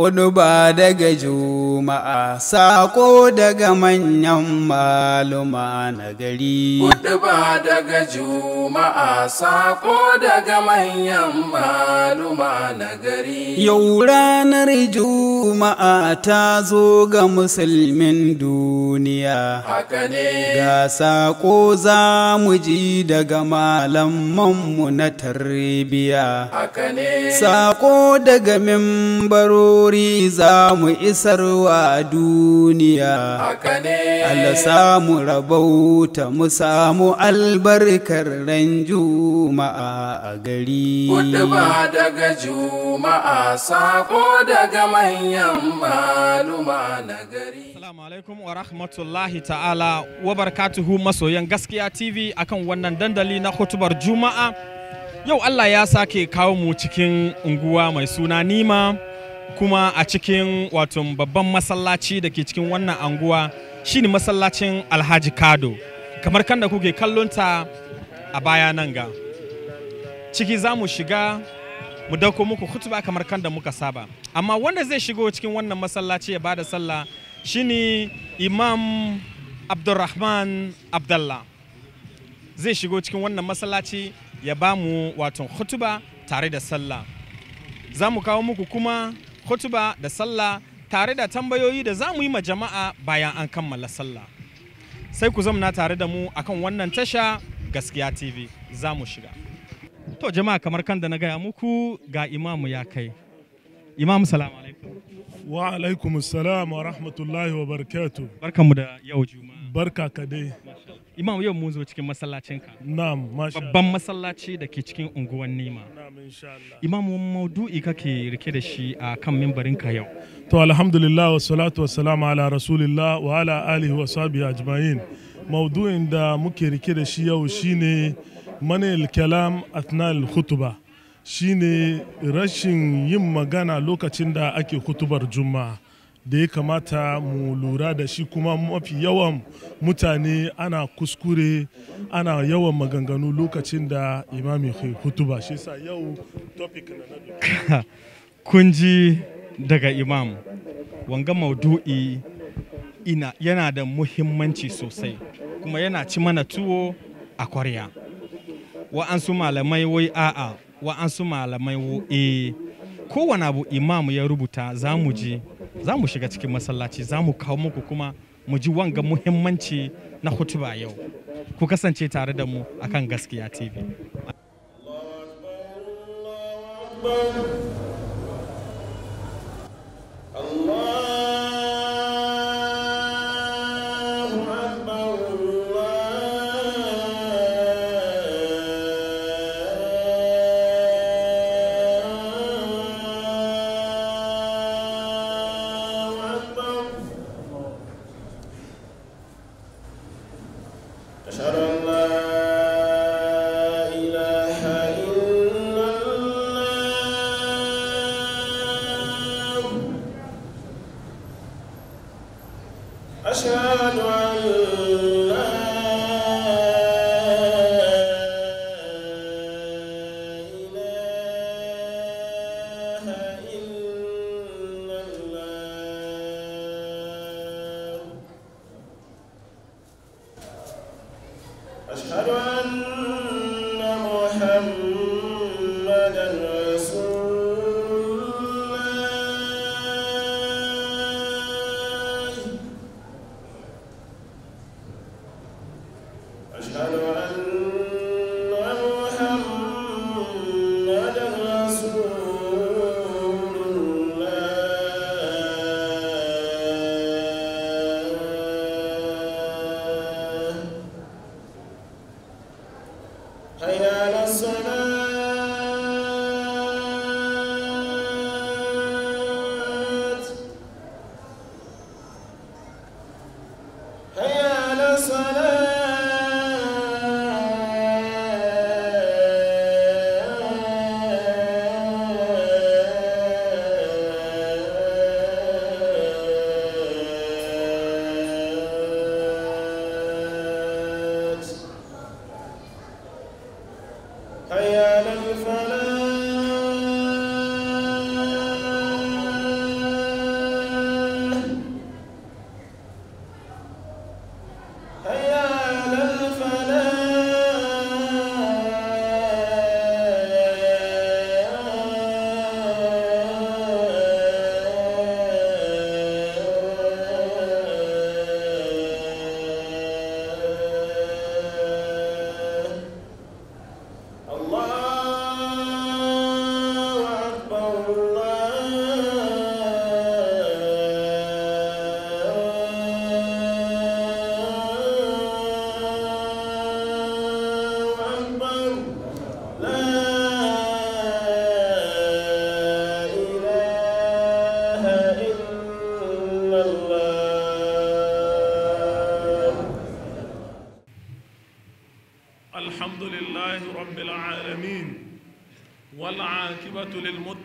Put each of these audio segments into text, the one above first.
hudu ba daga juma'a sako daga manyan maluma na gari hudu daga juma'a sako daga manyan maluma na gari yau ranar juma'a ta zo ga musulmin duniya haka ga sako za mu ji daga mu na tarbiya haka ne sako daga mimbaro sauri za mu isarwa duniya Allah samu rabauta mu samu albarkar ran juma'a a gari ba daga juma'a sako daga manyan maluma na gari Assalamu alaikum wa rahmatullahi ta'ala wa barakatuhu masoyan gaskiya TV akan wannan dandali na hutubar juma'a yau Allah ya sake kawo mu cikin unguwa mai suna Nima kuma a cikin wato babban masallaci da ke cikin wannan anguwa shine masallacin alhaji kado kamar kan da kuke kallonta a baya nan ga ciki za mu shiga mu dauko muku hutuba kamar kan muka saba amma wanda zai shigo cikin wannan masallaci ya bada sallah shine imam abdulrahman abdallah zai shigo cikin wannan masallaci ya ba mu wato hutuba tare da sallah za mu kawo muku kuma kotuba da sallah tare da tambayoyi da za mu yi ma jama'a bayan an kammala sallah sai ku zamna tare da mu akan wannan tasha gaskiya tv za mu shiga to jama'a kamar kan da na gaya muku ga imamu ya kai imamu salamu alaikum Wa alaikum salam wa rahmatullahi wa barakatu. Barkan mu da yau juma'a. Barka ka dai. Imam yau mun zo cikin masallacin ka. Na'am, masha Babban masallaci da ke cikin unguwan Nima. Na'am, insha Allah. Imam maudu'i kake rike da shi a kan mimbarin ka yau. To alhamdulillah wa salatu wa salam ala rasulillah wa ala alihi wa sahbihi ajma'in. Maudu'in da muke rike da shi yau shine manil kalam atnal khutbah. shine rashin yin magana lokacin da ake kutubar juma'a da ya kamata mu lura da shi kuma mafi yawan mutane ana kuskure ana yawan maganganu lokacin da imami hutuba shi sa yau topic na kun daga imam wanga maudu'i ina yana da muhimmanci sosai kuma yana ci mana tuwo a kwarya wa'ansu malamai wai a'a wa'ansu malamai e kowane abu imam ya rubuta za mu ji za mu shiga cikin masallaci za mu kawo muku kuma mu ji wanga muhimmanci na hutuba yau ku kasance tare da mu akan gaskiya tv Allah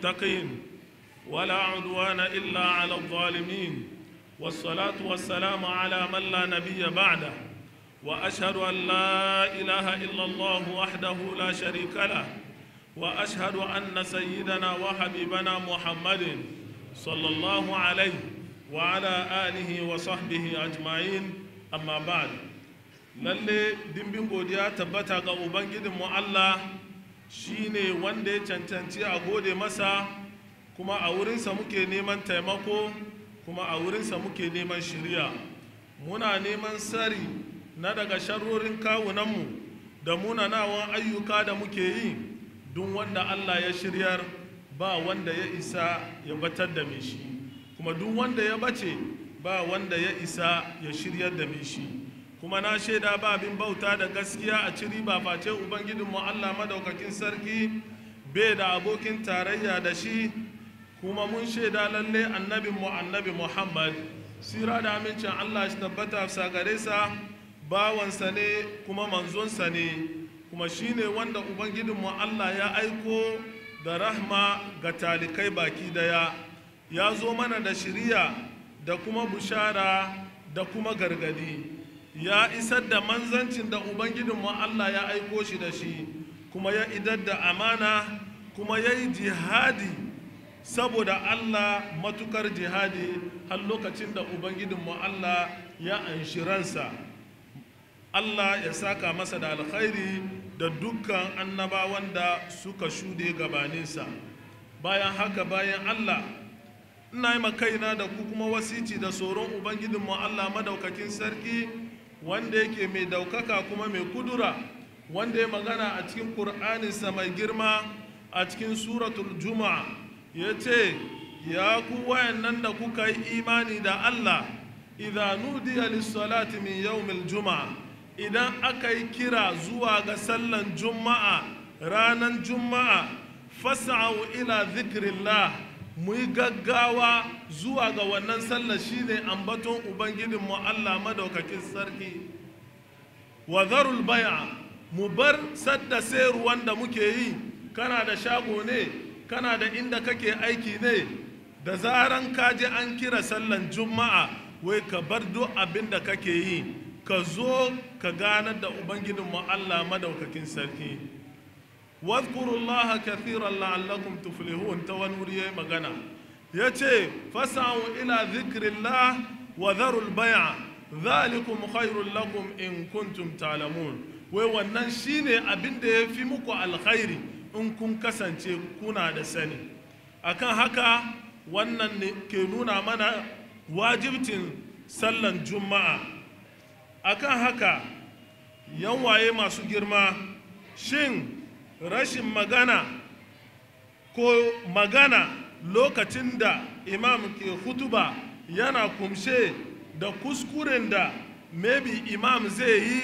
المتقين ولا عدوان إلا على الظالمين والصلاة والسلام على من لا نبي بعده وأشهد أن لا إله إلا الله وحده لا شريك له وأشهد أن سيدنا وحبيبنا محمد صلى الله عليه وعلى آله وصحبه أجمعين أما بعد للي dimbin godiya tabbata ga ubangijinmu Allah shine wanda ya cancanci a gode masa kuma a wurinsa muke neman taimako kuma a wurinsa muke neman shirya muna neman sari na daga sharorin kawunanmu da munanawan ayyuka da muke yi don wanda allah ya shiryar ba wanda ya isa ya batar da mai kuma duk wanda ya bace ba wanda ya isa ya shiryar da mai kuma na shaida ba abin bauta da gaskiya a ciri ba face mu allah madaukakin sarki bai da abokin tarayya da shi kuma mun shaida lalle annabinmu annabi muhammad sira da amincin allah shi tabbata sa gare sa bawansa ne kuma manzonsa ne kuma shi ne wanda mu allah ya aiko da rahma ga talikai baki daya ya zo mana da shiriya da kuma bushara da kuma gargadi ya isar da manzancin da ubangidinmu Allah ya aiko shi da shi kuma ya idar da amana kuma ya yi jihadi saboda Allah matukar jihadi har lokacin da ubangidinmu Allah ya anshi ransa Allah ya saka masa da alkhairi da dukkan annabawan da suka shude gabaninsa bayan haka bayan Allah ina yi makaina da ku kuma wasici da tsoron ubangidinmu Allah madaukakin sarki wanda yake mai daukaka kuma mai kudura wanda ya magana a cikin ƙur'aninsa mai girma a cikin suratul juma'a ya ce ya ku wayannan da kuka yi imani da allah idanu di lis min min mil juma'a idan aka yi kira zuwa ga sallan juma'a ranan juma'a fas'au ila dhikrillah Muyi gaggawa zuwa ga wannan sallar ne ambaton ubangijinmu Allah madaukakin sarki wa zarul baya mu bar sadda ruwan da muke yi kana da shago ne kana da inda kake aiki ne da zaran ka je an kira sallan juma'a wai ka bar duk abin da kake yi ka zo ka ganar da ubangijinmu Allah madaukakin sarki واذكروا الله كثيرا لعلكم تفلحون تونوري مغنى يتي فسعوا إلى ذكر الله وذروا البيع ذلكم خير لكم إن كنتم تعلمون ويوانا شيني أبنده في مكو الخير إن كن كسنتي كنا دساني أكن هكا وانا كنونا منا واجبتين صلى الجمعة أكن هكا يوم وايه ما سجرما شين rashin magana ko magana lokacin da imam ke hutuba yana kumshe da kuskuren da maybe imam zai yi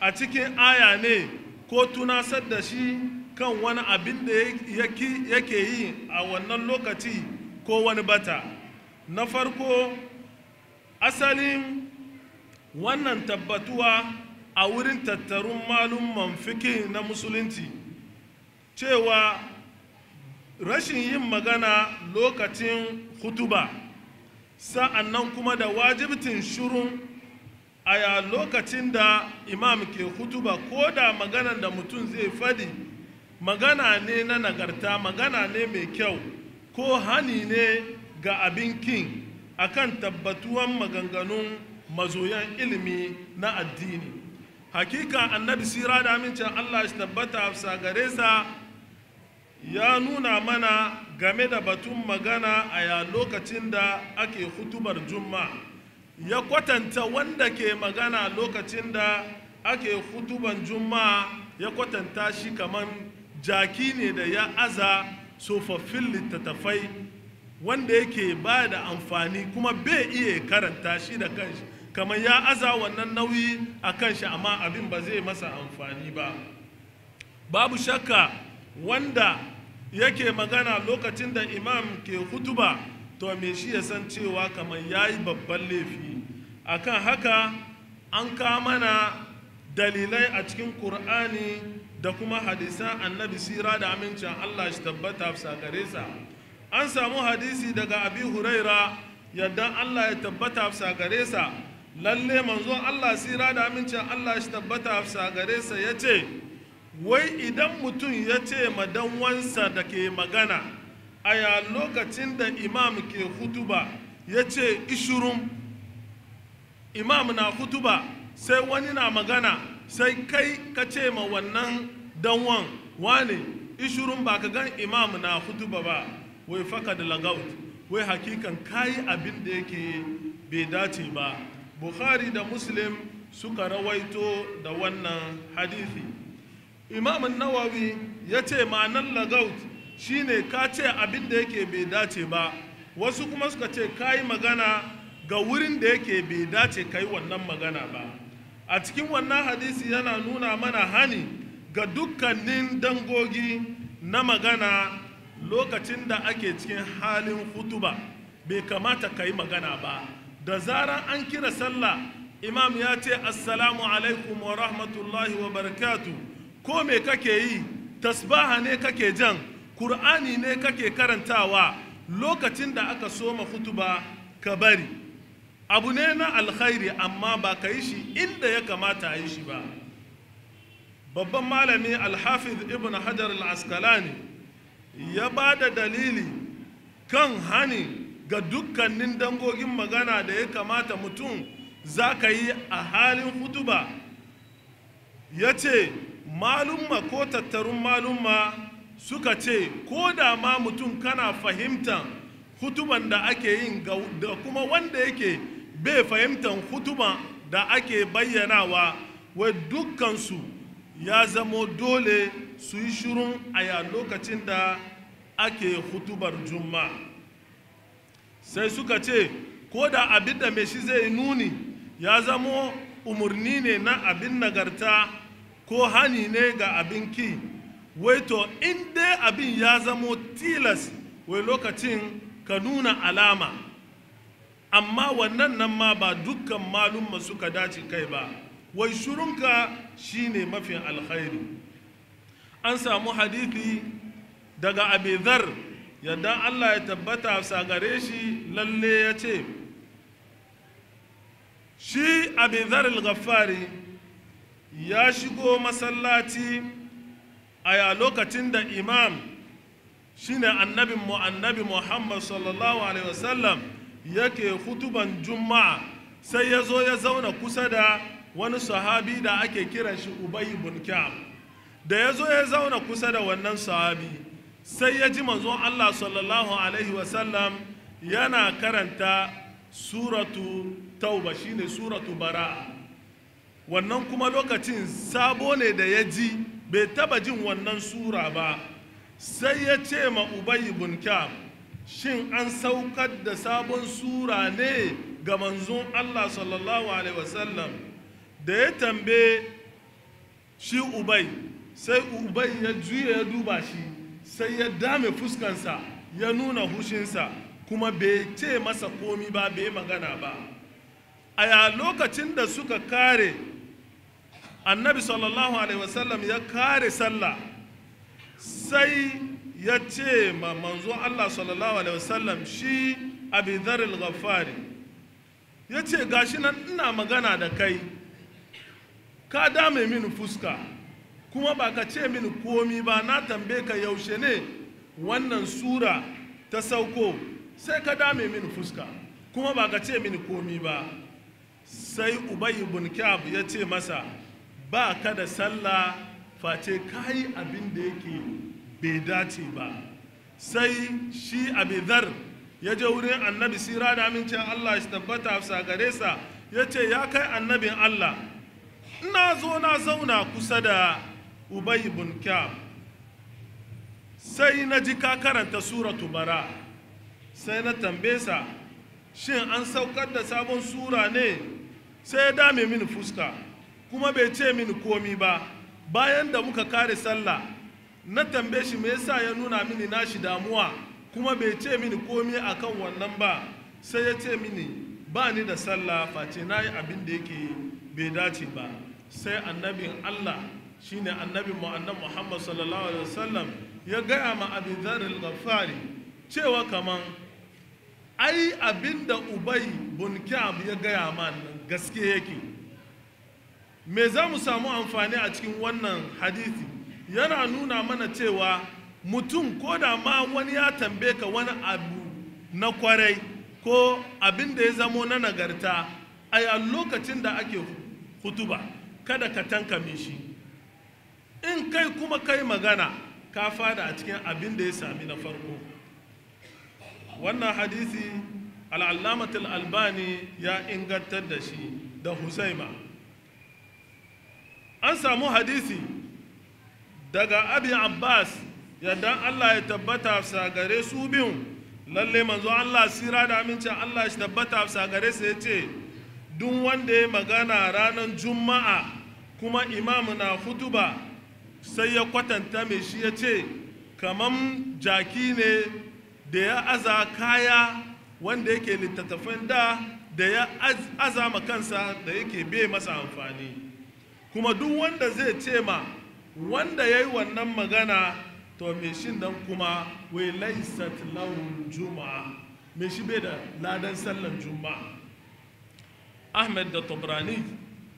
a cikin aya ne ko tunasar da shi kan wani abin da yake yi a wannan lokaci ko wani bata na farko asalin wannan tabbatuwa a wurin tattarun malum fiki na musulunci cewa rashin yin magana lokacin hutuba sa'annan kuma da wajibtin shirun a ya lokacin da imam ke hutuba ko da magana da mutum zai fadi magana ne na nagarta magana ne mai kyau ko hani ne ga abin kin kan tabbatuwan maganganun mazoyan ilimi na addini hakika annabi sira da amincin allah shi tabbata a gare sa ya nuna mana game da batun magana a ya lokacin da ake hutubar juma ya kwatanta wanda ke magana lokacin da ake hutuban juma ya kwatanta shi kaman jaki ne da ya aza tsofaffin littattafai wanda yake ba da amfani kuma bai iya karanta shi da kanshi kamar ya aza wannan nauyi a kanshi amma abin ba zai masa amfani ba babu shakka wanda yake magana lokacin da imam ke hutuba to me shi ya san cewa kamar ya yi babban laifi akan haka an mana dalilai a cikin ƙur'ani da kuma hadisan annabi sira da amincin allah shi tabbata fi gare sa an samu hadisi daga abi huraira yadda allah ya tabbata fi sa lalle manzo allah sira da amincin allah shi tabbata fi gare sa ya ce wai idan mutum ya ce madanwansa da ke magana a ya lokacin da imam ke hutuba ya ce ishirin imam na hutuba sai wani na magana sai kai ka ce ma wannan danwan wani ishirin ba ka gan imam na hutuba ba wai faka da lagaut wai hakikan kayi abin da yake bai dace ba bukhari da muslim suka rawaito da wannan hadithi imam nawawi ya ce ma'anar lagaut shine ka ce abin da yake bai dace ba wasu kuma suka ce ka yi magana ga wurin da yake bai dace ka yi wannan magana ba a cikin wannan hadisi yana nuna mana hani ga dukkanin dangogi na magana lokacin da ake cikin halin hutuba bai kamata ka yi magana ba da zarar an kira sallah imam ya ce assalamu alaikum wa rahmatullahi wa barakatuh ko me kake yi tasbaha ne kake jan ƙur'ani ne kake karantawa lokacin da aka soma futuba ka bari abu ne na alkhairi amma ba ka yi shi inda ya kamata a yi shi ba babban malami alhafiz ibn hajar al-askalani ya ba da dalili kan hani ga dukkanin dangogin magana da ya kamata mutum za ka yi a halin hutuba ya ce malumma ko tattarun malumma suka ce ko da ma mutum kana fahimtan hutuban da ake yin da kuma wanda yake bai fahimtan hutuban da ake bayyanawa wai dukkansu ya zamo dole su yi shirin a lokacin da ake hutubar juma sai suka ce ko da abin da mai shi zai nuni ya zamo umarni ne na abin nagarta ko hani ne ga abin ki wai to in dai abin ya zamo tilas wai lokacin ka nuna alama amma wannan nan ma ba dukkan malumma suka dace kai ba wai shurunka shine mafin alkhairi an samu hadithi daga abizar yadda allah ya tabbata a gare shi lalle ya ce shi abizar al-ghaffari ya shigo masallaci a lokacin da imam shine annabin mu muhammad sallallahu alaihi wasallam yake hutuban juma'a sai ya zo ya zauna kusa da wani sahabi da ake kiran shi ubay ibn da ya zo ya zauna kusa da wannan sahabi sai ya ji manzon allah sallallahu alaihi wasallam yana karanta suratu tauba shine suratu bara'a wannan kuma lokacin sabo ne da ya ji bai taba jin wannan sura ba sai ya ce ma ubayi bin shin an saukar da sabon sura ne ga manzon allah sallallahu alaihi wasallam da ya tambaye shi ubai sai ubai ya juya ya duba shi sai ya dame fuskansa ya nuna hushinsa kuma bai ce masa komi ba bai magana ba a lokacin da suka kare annabi sallallahu alaihi wasallam ya kare sallah sai ya ce ma manzo Allah sallallahu alaihi wasallam shi abi al-ghaffari ya ce gashi nan ina magana da kai ka dame mini fuska kuma ba ka ce mini komi ba na tambaye ka yaushe ne wannan sura ta sauko sai ka dame mini fuska kuma ba ka ce mini komi ba sai ubayi bin ya ce masa ba ka da sallah face ka yi abin da yake bai dace ba sai shi abidar ya je wurin annabi sira da amincin allah ya tabbata a gare sa ya ce ya kai annabin allah ina zo na zauna kusa da ubay ibn kyam sai na ji ka karanta suratu bara sai na tambe shin an saukar da sabon sura ne sai ya dame mini fuska kuma bai ce mini komi ba bayan da muka kare sallah na tambaye shi me yasa ya nuna mini nashi damuwa kuma bai ce mini komi akan wannan ba sai ya ce mini ba ni da sallah face na yi abin da yake bai dace ba sai annabin allah shine annabin mu annabi muhammad sallallahu alaihi wasallam ya gaya ma abin zarar gafari cewa kaman ai abin da ubai bunkab ya gaya man gaske yake me za mu samu amfani a cikin wannan hadisi yana nuna mana cewa mutum ko da ma wani ya tambe ka wani abu na kwarai ko abin da ya zamo na nagarta a a lokacin da ake hutuba kada ka tankame shi in kai kuma kai magana ka fada a cikin abin da ya sami na farko wannan hadisi al'allamatul albani ya ingantar da shi da husaima an samu hadisi daga abin abbas yadda allah ya tabbata sa gare su biyun lalle manzo allah sira da amincin allah ya tabbata sa gare su ya ce duk wanda ya magana ranar juma'a kuma imamu na hutuba sai ya kwatanta mai shi ya ce kamar jaki ne da ya aza kaya wanda yake littattafin da da ya azama kansa da yake bai masa amfani kuma duk wanda zai ce ma wanda ya yi wannan magana to me shi dan kuma wai laisat juma'a me shi bai da ladan sallan juma'a ahmed da tabrani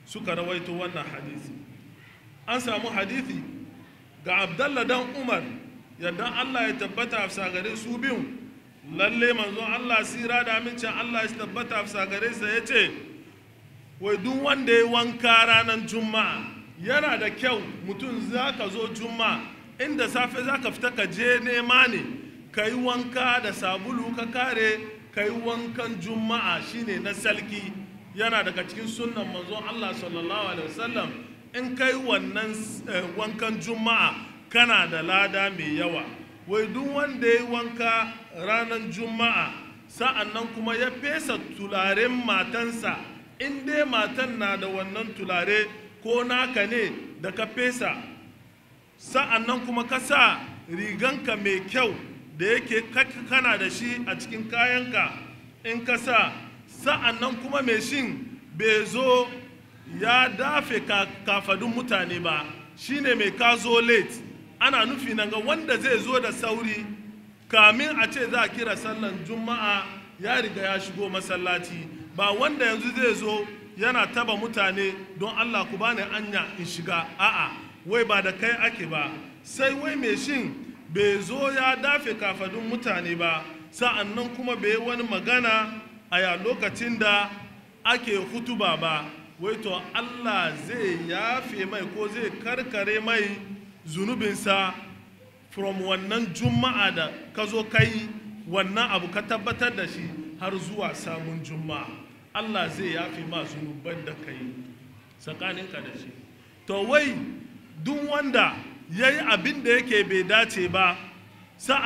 suka rawaito wannan hadisi an samu hadisi ga abdallah dan umar yadda allah ya tabbata a gare su biyu lalle manzon allah sira da amincin allah ya tabbata a gare sa ya ce wai duk wanda ya wanka ranar juma'a yana da kyau mutum za ka zo juma'a inda safe za ka fita ka je nema ne ka yi wanka da sabulu ka kare ka yi wankan juma'a shine na salki yana daga cikin sunan mazo allah sallallahu alaihi wasallam in kai wannan eh, wankan juma'a kana da lada mai yawa wai duk wanda ya wanka ranar juma'a sa'annan kuma ya fesa tularen matansa in dai matan na da wannan tulare ko naka ne da ka fesa sa'annan kuma ka sa riganka mai kyau da yake kana da shi a cikin kayanka in ka sa sa'annan kuma mai shin bai zo ya dafe kafadun mutane ba shine mai ka zo late ana nufi nan ga wanda zai zo da sauri kamin a ce za a kira sallan juma'a ya riga ya shigo masallaci ba wanda yanzu zai zo yana taba mutane don Allah ku bani anya in shiga a'a wai ba da kai ake ba sai wai mai shin bai zo ya dafe kafadun mutane ba sa'an nan kuma bai wani magana a ya lokacin da ake hutuba ba wai to Allah zai yafe mai ko zai karkare mai zunubinsa from wannan juma'a da ka zo kai wannan abu ka tabbatar da shi har zuwa samun juma'a Allah zai yafi ma rubar da ka yi tsakaninka da shi to wai duk wanda ya yi abin da yake bai dace ba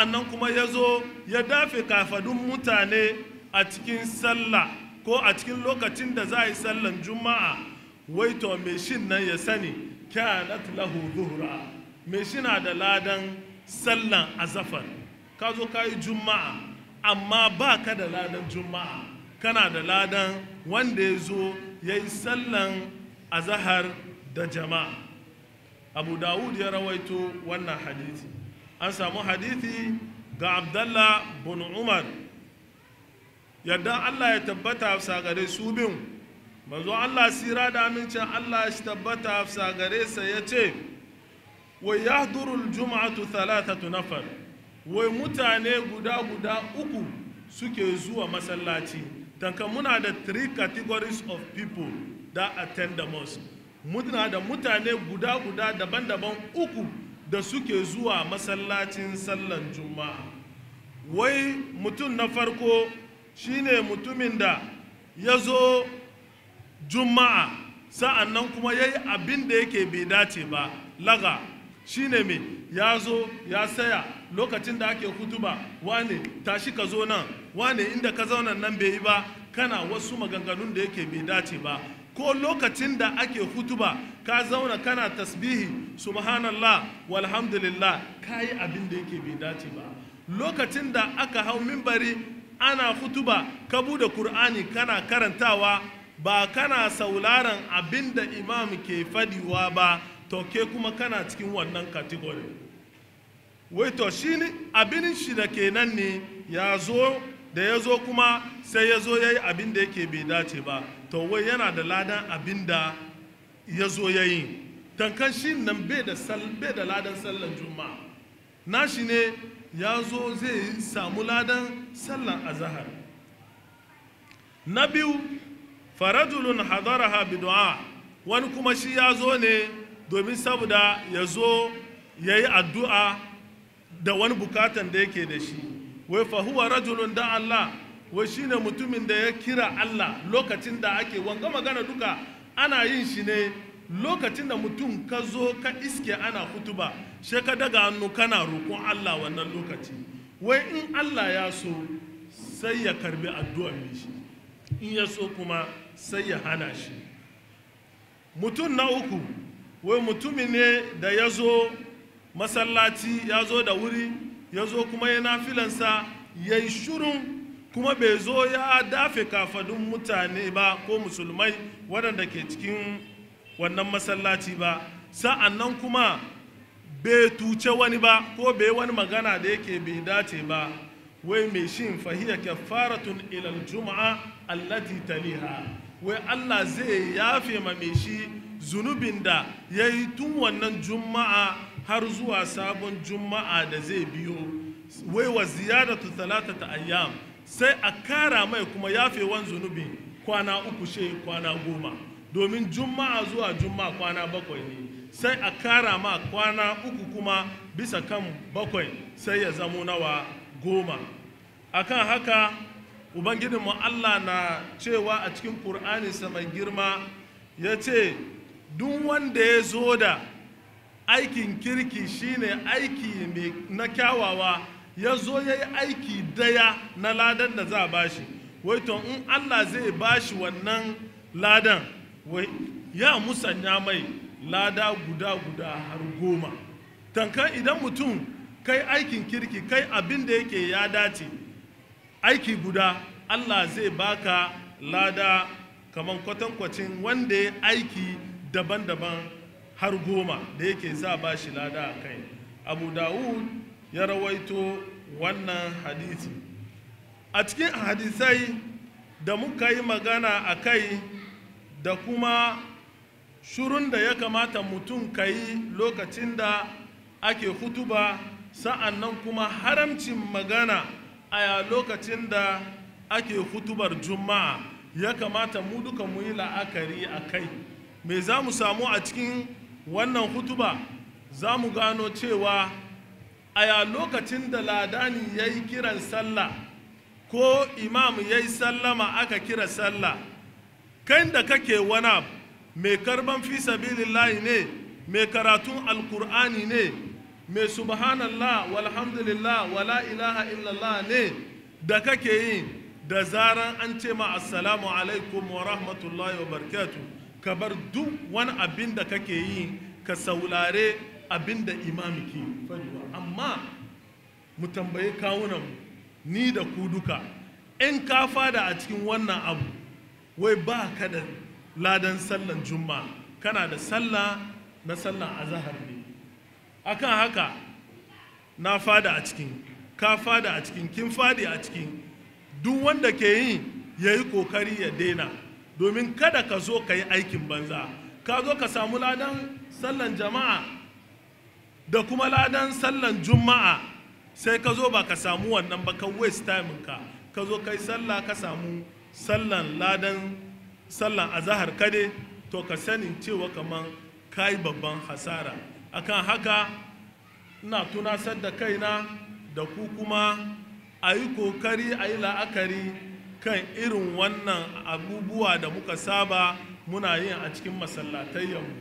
nan kuma ya zo ya dafe kafadun mutane a cikin sallah ko a cikin lokacin da za a yi sallan juma'a wai to mai shin nan ya sani kyanat lahu zuhra mai shina da ladan sallan azafar ka zo ka yi juma'a amma ba ka da ladan juma'a kana da ladan wanda ya zo ya yi sallan azahar da jama'a abu dawud ya rawaito wannan hadithi an samu hadithi ga abdallah bin umar yadda allah ya tabbata a gare su bin manzo allah sira da amincin allah shi tabbata a gare sa ya ce wai ya durul juma'atu talatatu nafar wai mutane guda guda uku suke zuwa masallaci daga muna da three categories of people that attend the mosque muna da mutane guda-guda daban-daban uku da suke zuwa masallacin sallan juma'a wai mutum na farko shine mutumin da ya zo juma'a sa'an nan kuma ya yi abin da yake bai dace ba laga shine me ya zo ya saya lokacin da ake hutuba wane tashi ka zo nan wane inda ka zauna nan bai yi ba kana wasu maganganun da yake bai dace ba ko lokacin da ake hutuba ka zauna kana tasbihi subhanallah walhamdulillah ka yi abin da yake bai dace ba lokacin da aka hau mimbari ana hutuba ka bude kur'ani kana karantawa ba kana sauraron abin da imam ke fadiwa ba to ke kuma kana cikin wannan category wai to shi abin shi da kenan ne ya zo da ya zo kuma sai ya zo ya yi abin da yake bai dace ba to wai yana da ladan abin da ya zo ya yi tankan shi nan bai da ladan sallan juma'a nashi ne ya zo zai samu ladan sallan azahar na biyu farajulun hadaraha bidu'a wani kuma shi ya zo ne domin saboda ya zo ya yi addu'a da wani bukatan da yake da shi wai fahuwa rajulun da Allah wai shi ne mutumin da ya kira Allah lokacin da ake wanga magana duka ana yin shi ne lokacin da mutum ka zo ka iske ana kutuba shi ka daga hannu kana roƙon Allah wannan lokaci wai in Allah ya so sai ya karbi addu'ar shi in ya so kuma sai ya hana shi mutum na uku wai mutumin ne da ya zo masallaci ya zo da wuri ya zo kuma ya nafilansa ya yi shirin kuma bai zo ya dafe kafadun mutane ba ko musulmai waɗanda ke cikin wannan masallaci ba sa'an nan kuma bai tuce wani ba ko bai wani magana da yake bai dace ba wai mai shin fahiyar kafaratun ilal juma'a allati taliha wai allah zai yafe ma mai shi zunubin da ya yi tun wannan juma'a har zuwa sabon juma'a da zai biyo wai wa ziyaratu talata ta ayyam sai a kara mai kuma yafewan zunubi kwana uku she kwana goma domin juma'a zuwa juma'a kwana bakwai ne sai a kara ma kwana uku kuma bisa kan bakwai sai ya zamo nawa goma akan haka ubangidinmu allah na cewa a cikin ƙur'aninsa mai girma ya ce duk wanda ya zo da aikin kirki shine aiki na kyawawa ya zo ya yi aiki daya na ladan da za a bashi waito in allah zai bashi wannan ladan ya musanya mai lada guda guda har goma tankan idan mutum kai aikin kirki kai abin da yake ya dace aiki guda allah zai baka lada kamar kwatankwacin wanda ya aiki daban-daban har goma da yake sa ba shi lada a kai abu dawud ya rawaito wannan hadisi a cikin hadisai da muka yi magana a kai da kuma shurun da ya kamata mutum ka yi lokacin da ake hutuba sa'an nan kuma haramcin magana a lokacin da ake hutubar juma'a ya kamata mu duka mu yi la'akari a kai me za mu samu a cikin wannan hutuba za mu gano cewa a ya lokacin da ladani ya yi kiran sallah ko imam ya yi sallama aka kira sallah kai da kake wana mai karban fi sabilillahi ne mai karatun alkur'ani ne mai subhanallah walhamdulillah wala ilaha illallah ne da kake yi da zaran an ce ma assalamu alaikum wa rahmatullahi wa barakatuh ka bar duk wani abin da kake yi ka saulare abin da imam ke amma mu tambayi kawunan ni da ku duka in ka fada a cikin wannan abu wai ba ka da ladan sallan juma'a kana da sallah na sallan azahar ne akan haka na fada a cikin ka fada a cikin kin fadi a cikin duk wanda ke yi ya yi kokari ya daina domin kada ka zo ka yi aikin banza ka zo ka samu ladan sallan jama'a da kuma ladan sallan juma'a sai ka zo ba ka samu wannan ba ka waste time ka ka zo kai sallah ka samu sallan ladan sallan azahar kade to ka sani cewa kaman ka yi babban hasara akan haka ina tunasar da kaina da ku kuma a yi kokari a yi la'akari kan irin wannan abubuwa da muka saba muna yin a cikin masallatai masallatayyanmu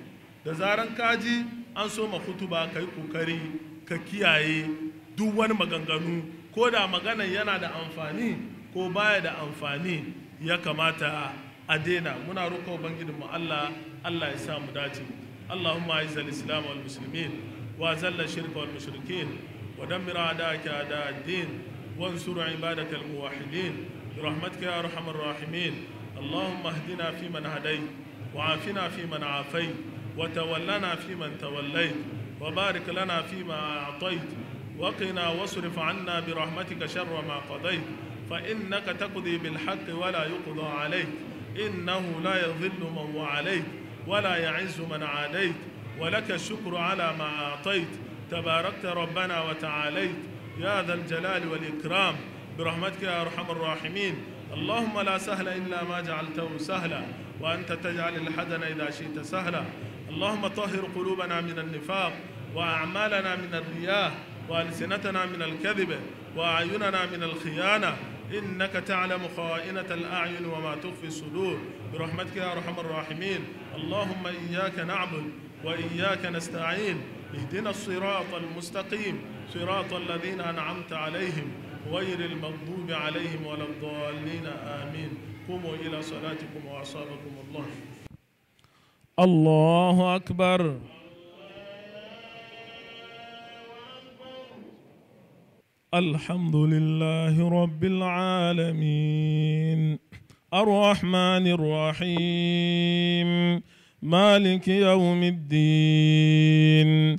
da zaran kaji an so ma kutuba ka yi kokari ka kiyaye duk wani maganganu ko da maganan yana da amfani ko baya da amfani ya kamata a daina muna roƙa ubangijinmu Allah Allah ya sa mu dace Allahumma aiz al-islam wal muslimin wa zalla shirka wal mushrikin wa dammir a'daka ad-din برحمتك يا أرحم الراحمين اللهم اهدنا فيمن هديت وعافنا فيمن عافيت وتولنا فيمن توليت وبارك لنا فيما أعطيت وقنا واصرف عنا برحمتك شر ما قضيت فإنك تقضي بالحق ولا يقضى عليك إنه لا يضل من وعليك ولا يعز من عاديت ولك الشكر على ما أعطيت تباركت ربنا وتعاليت يا ذا الجلال والإكرام برحمتك يا أرحم الراحمين اللهم لا سهل إلا ما جعلته سهلا وأنت تجعل الحزن إذا شئت سهلا اللهم طهر قلوبنا من النفاق وأعمالنا من الرياء وألسنتنا من الكذب وأعيننا من الخيانة إنك تعلم خائنة الأعين وما تخفي الصدور برحمتك يا أرحم الراحمين اللهم إياك نعبد وإياك نستعين اهدنا الصراط المستقيم صراط الذين أنعمت عليهم غير المغضوب عليهم ولا الضالين آمين قوموا إلى صلاتكم وأصابكم الله الله أكبر الحمد لله رب العالمين الرحمن الرحيم مالك يوم الدين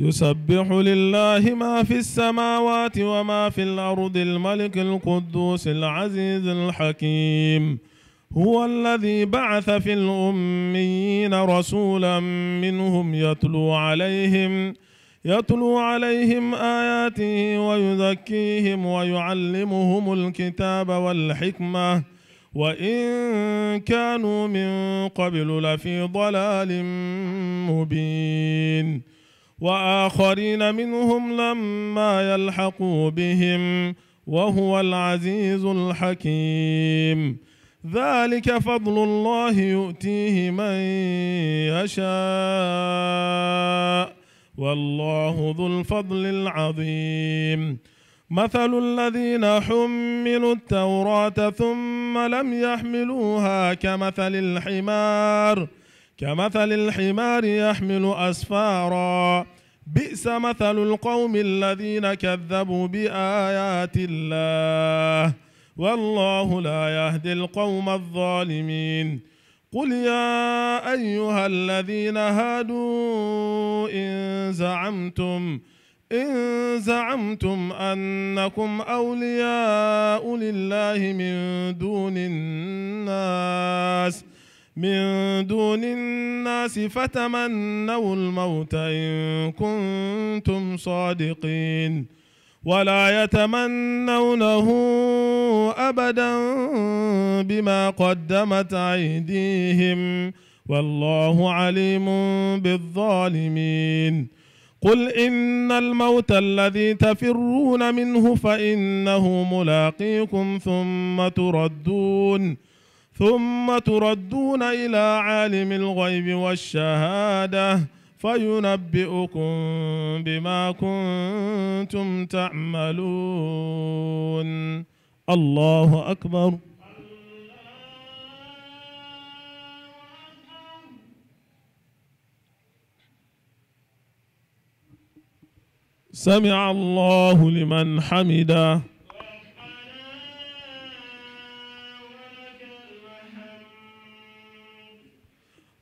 يسبح لله ما في السماوات وما في الأرض الملك القدوس العزيز الحكيم هو الذي بعث في الأميين رسولا منهم يتلو عليهم يتلو عليهم آياته ويزكيهم ويعلمهم الكتاب والحكمة وإن كانوا من قبل لفي ضلال مبين وآخرين منهم لما يلحقوا بهم وهو العزيز الحكيم ذلك فضل الله يؤتيه من يشاء والله ذو الفضل العظيم مثل الذين حملوا التوراة ثم لم يحملوها كمثل الحمار ۖ كمثل الحمار يحمل أسفارا بئس مثل القوم الذين كذبوا بآيات الله والله لا يهدي القوم الظالمين قل يا أيها الذين هادوا إن زعمتم إن زعمتم أنكم أولياء لله من دون الناس ۖ من دون الناس فتمنوا الموت إن كنتم صادقين ولا يتمنونه أبدا بما قدمت أيديهم والله عليم بالظالمين قل إن الموت الذي تفرون منه فإنه ملاقيكم ثم تردون ثم تردون إلى عالم الغيب والشهادة فينبئكم بما كنتم تعملون الله أكبر سمع الله لمن حمده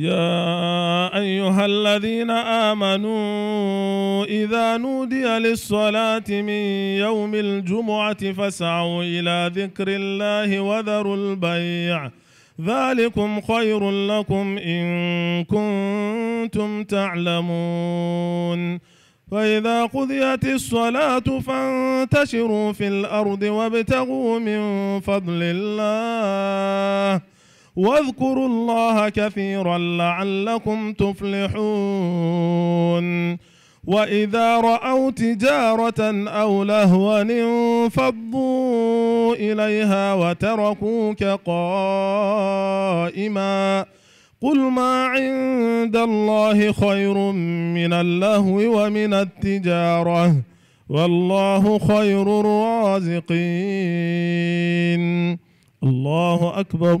يا أيها الذين آمنوا إذا نودي للصلاة من يوم الجمعة فاسعوا إلى ذكر الله وذروا البيع ذلكم خير لكم إن كنتم تعلمون فإذا قضيت الصلاة فانتشروا في الأرض وابتغوا من فضل الله واذكروا الله كثيرا لعلكم تفلحون واذا راوا تجاره او لهوا انفضوا اليها وتركوك قائما قل ما عند الله خير من اللهو ومن التجاره والله خير الرازقين الله اكبر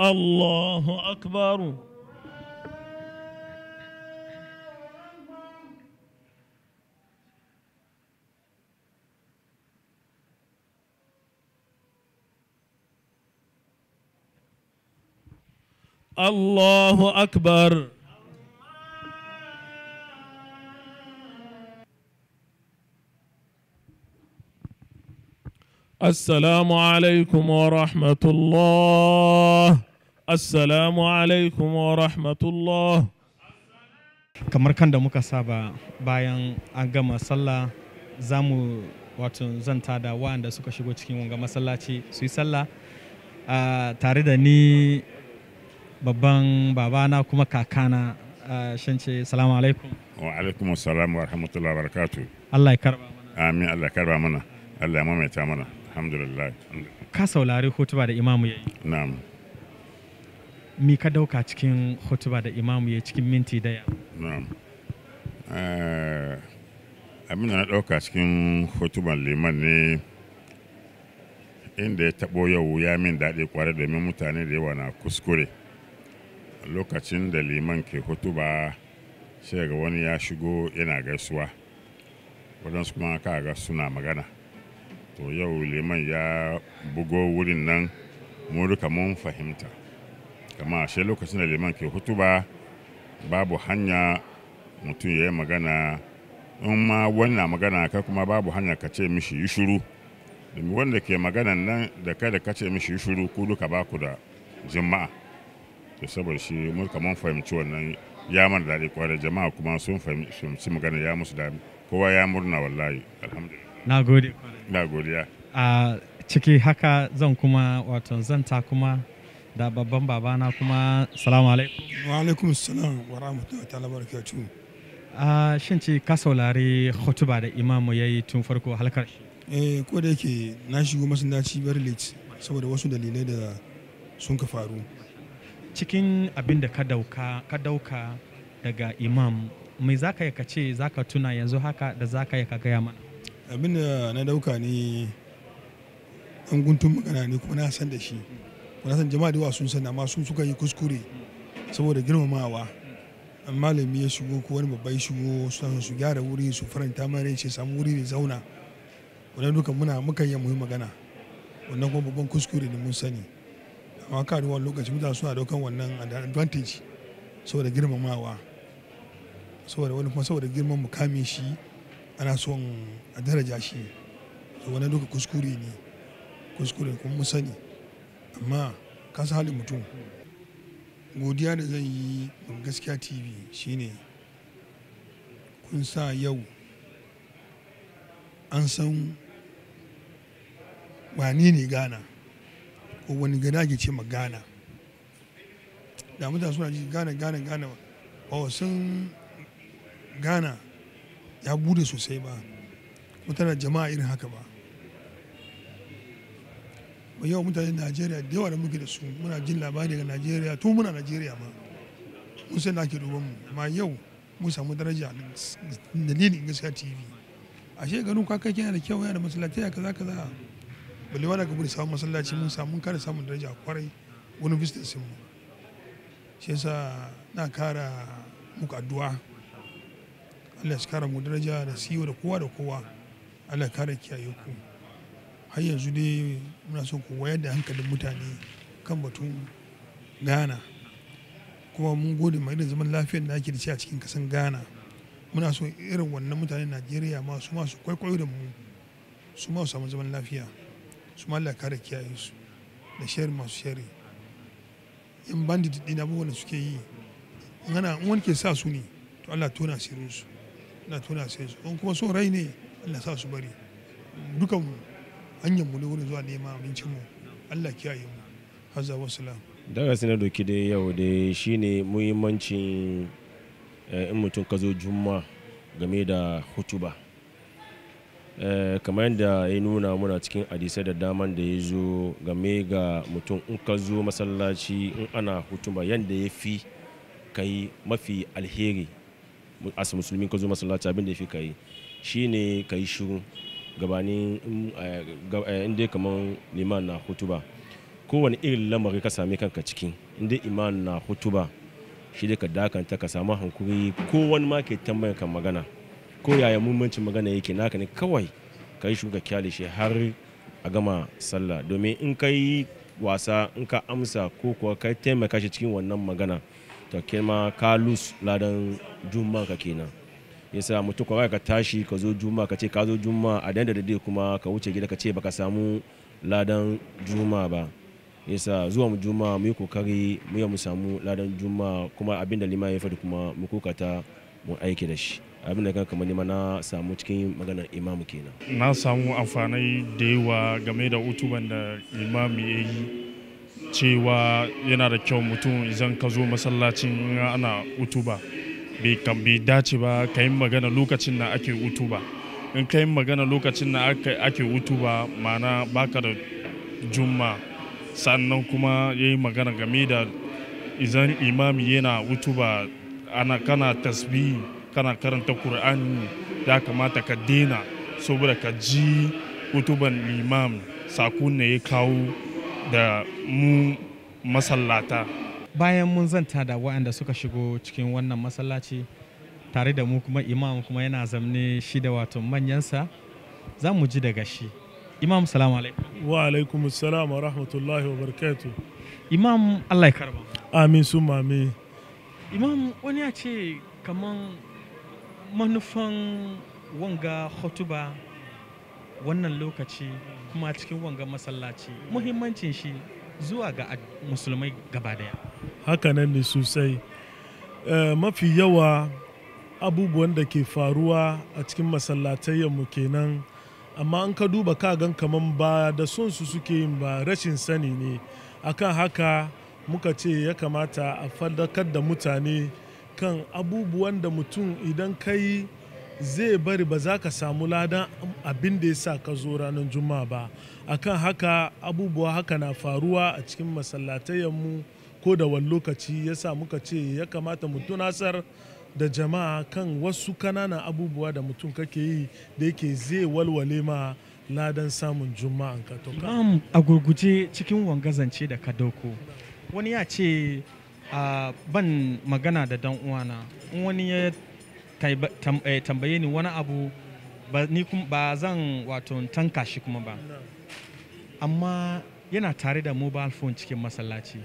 الله أكبر الله أكبر السلام عليكم ورحمة الله السلام عليكم ورحمة الله kamar kanda da muka saba bayan an gama sallah za mu wato zanta da waɗanda suka shiga cikin wanga masallaci su yi sallah tare da ni babban babana kuma kakana shance salamu alaikum wa alaikum assalam wa rahmatullahi wa barakatuh Allah ya karba mana amin Allah ya karba mana Allah ya mamaita mana alhamdulillah ka saurari hutuba da imamu ya yi na'am mi ka dauka cikin hutuba da imamu ya cikin minti daya na'am eh, abin da na dauka cikin hutuban liman ne inda ya tabo yau ya min daɗi kware domin mutane da yawa na kuskure lokacin da liman ke hutuba sai ga wani ya shigo yana gaisuwa wadansu kuma ka ga suna magana to yau liman ya bugo wurin nan mu mun fahimta kama ashe lokacin da liman ke hutuba babu hanya mutum ya yi magana in ma wannan magana ka kuma babu hanya ka ce mishi yi shuru domin wanda ke maganan nan da kada ka ce mishi yi shuru ku duka baku da jima'a da saboda shi murka mun fahimci wannan ya mana daɗi kwarai jama'a kuma sun fahimci magana ya musu daɗi kowa ya murna wallahi alhamdulillah na gode na godiya a ciki haka zan kuma wato zanta kuma da babban babana kuma salamu alaikum wa alaikum salam wa rahmatullahi ta'ala barakatuhu a shin ci ka saulari hotuba da imamu ya yi tun farko halkar eh ko da yake na shigo masallaci berlit saboda wasu dalilai da sun ka faru cikin abin da ka dauka daga imam mai zaka yi ka ce zaka tuna yanzu haka da zaka yi ka gaya mana abin da na dauka ne ɗan guntun magana ne kuma na san da shi na san jama'a da yawa sun sani amma sun suka yi kuskure saboda girmamawa malami ya shigo ko wani babba ya shigo su gyara wuri su faranta mara ce samu wuri ne zauna wannan duka muna muka yi muhimmin magana wannan kuma babban kuskure ne mun sani amma ka ruwan lokaci mutane suna daukan wannan advantage saboda girmamawa saboda wani kuma saboda girman mukamin shi ana son a daraja shi to wani duka kuskure ne kuskure kun mu sani amma ka san halin mutum godiya da zan yi gaskiya tv shine kun sa yau an san wani ne gana ko wani gana ke ce ma gana da mutane suna ji gana gana gana ba sun gana ya bude sosai ba mutane jama'a irin haka ba ba yawan mutanen najeriya da yawa da muke da su muna jin labari daga najeriya tun muna najeriya ma mun sai da ake duban mu amma yau mun samu daraja dalilin gaskiya tv ashe garin kai yana da kyau yana da masallaci ya kaza kaza balle wani ka bude samun masallaci mun samu kare samun daraja kwarai wani visitor mu shi yasa na kara muka addu'a Allah shi kara mu daraja da siyo da kowa da kowa Allah kara kiyaye ku har yanzu dai muna son ku wayar da hankalin mutane kan batun Ghana kuma mun gode ma irin zaman lafiyar da ake da shi a cikin kasan Ghana muna son irin wannan mutanen Najeriya ma su masu kwaikwayo da mu su ma samu zaman lafiya su ma Allah kara kiyaye su da shari masu shari yan bandit din abubuwan da suke yi in wani ke sa su ne to Allah tona sirrinsu na tuna sai su kuma so rai ne Allah sa su bari dukan hanyar mu ne wurin zuwa neman abincin mu Allah kiyaye mu hazza wassalam darasi na doki dai yau dai shine muhimmancin eh, in mutum ka zo juma game da hutuba eh, kamar yadda ya nuna muna cikin hadisai da daman da ya zo game ga mutum in ka zo masallaci in ana hutuba yadda ya fi kai mafi alheri as musulmi ko zo masallaci abin da ya fi kai shine ka yi shiru gabanin inda eh, eh, kamar liman na hutuba kowane irin lamari ka sami kanka cikin inda iman na hutuba shi da ka dakanta ka samu hankuri ko wani ma ke tambayar kan magana ko yaya muhimmancin magana yake naka ne kawai ka yi shuka kyale shi har a gama sallah domin in ka yi wasa in ka amsa ko kuwa ka taimaka shi cikin wannan magana to kema ma ka ladan juma ka kenan yasa mutum kwa ka tashi ka zo juma ka ce ka zo juma a da dai kuma ka wuce gida ka ce baka samu ladan juma ba yasa zuwa mu juma mu yi kokari mu yi mu samu ladan juma kuma abin da liman ya faɗi kuma mu kokata mu aiki da shi abin da kan kamar na samu cikin maganar imamu kenan na samu amfani da yawa game da utuban da imamu ya yi cewa yana da kyau mutum idan ka zo masallacin ana utuba bai bai dace ba ka yi magana lokacin da ake ba in ka yi magana lokacin da ake ba mana baka da juma sannan kuma ya yi magana game da idan imami yana utuba ana kana tasbi kana karanta kur'ani ya kamata ka dena saboda ka ji utuban limam sakun ne ya kawo da mu masallata bayan mun zanta da waɗanda suka shigo cikin wannan masallaci tare da mu kuma imam kuma yana zamne shi da wato manyansa za mu ji daga shi imam salamu alaikum wa alaikum salam wa rahmatullahi wa barakatu imam allah ya karba amin su mami imam wani ya ce kaman manufan wanga hotuba wannan lokaci kuma cikin wangan masallaci muhimmancin shi zuwa ga musulmai gaba daya hakanan ne sosai eh, mafi yawa abubuwan da ke faruwa a cikin masallatai masallatayyanmu kenan amma an ka duba kagan kaman ba da son su suke yin ba rashin sani ne akan haka muka ce ya kamata a fadakar da mutane kan abubuwan da mutum idan ka yi zai bari ba za ka samu ladan abin da ya sa ka zo ranar juma'a ba a kan haka abubuwa haka na faruwa a cikin masallatayenmu ko da wani lokaci ya sa muka ce ya kamata mu tunasar da jama'a kan wasu kananan abubuwa da mutum kake yi da yake zai walwale ma ladan samun juma'an ka to a gurguje cikin wangazance da ka dauko wani ya ce ah, ban magana da dan uwana wani ya Eh, tambaye ni wani abu ba zan wato tanka shi kuma ba amma yana tare da mobile phone cikin masallaci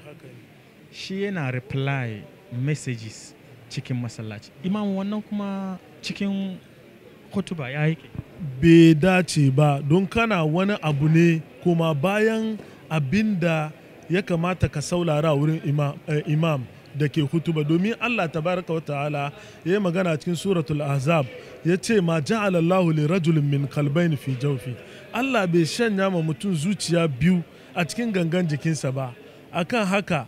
shi yana reply messages cikin masallaci imam wannan kuma cikin kutuba ya yake bai dace ba don kana wani abu ne kuma bayan abinda ya kamata ka saulara wurin eh, imam. da ke hutuba domin Allah tabaraka wa ta'ala ya yi magana cikin suratul azab ya ce ma ja'alallahu li rajulin min kalbain fi jawfi Allah bai shanya ma mutum zuciya biyu a cikin gangan jikinsa ba akan haka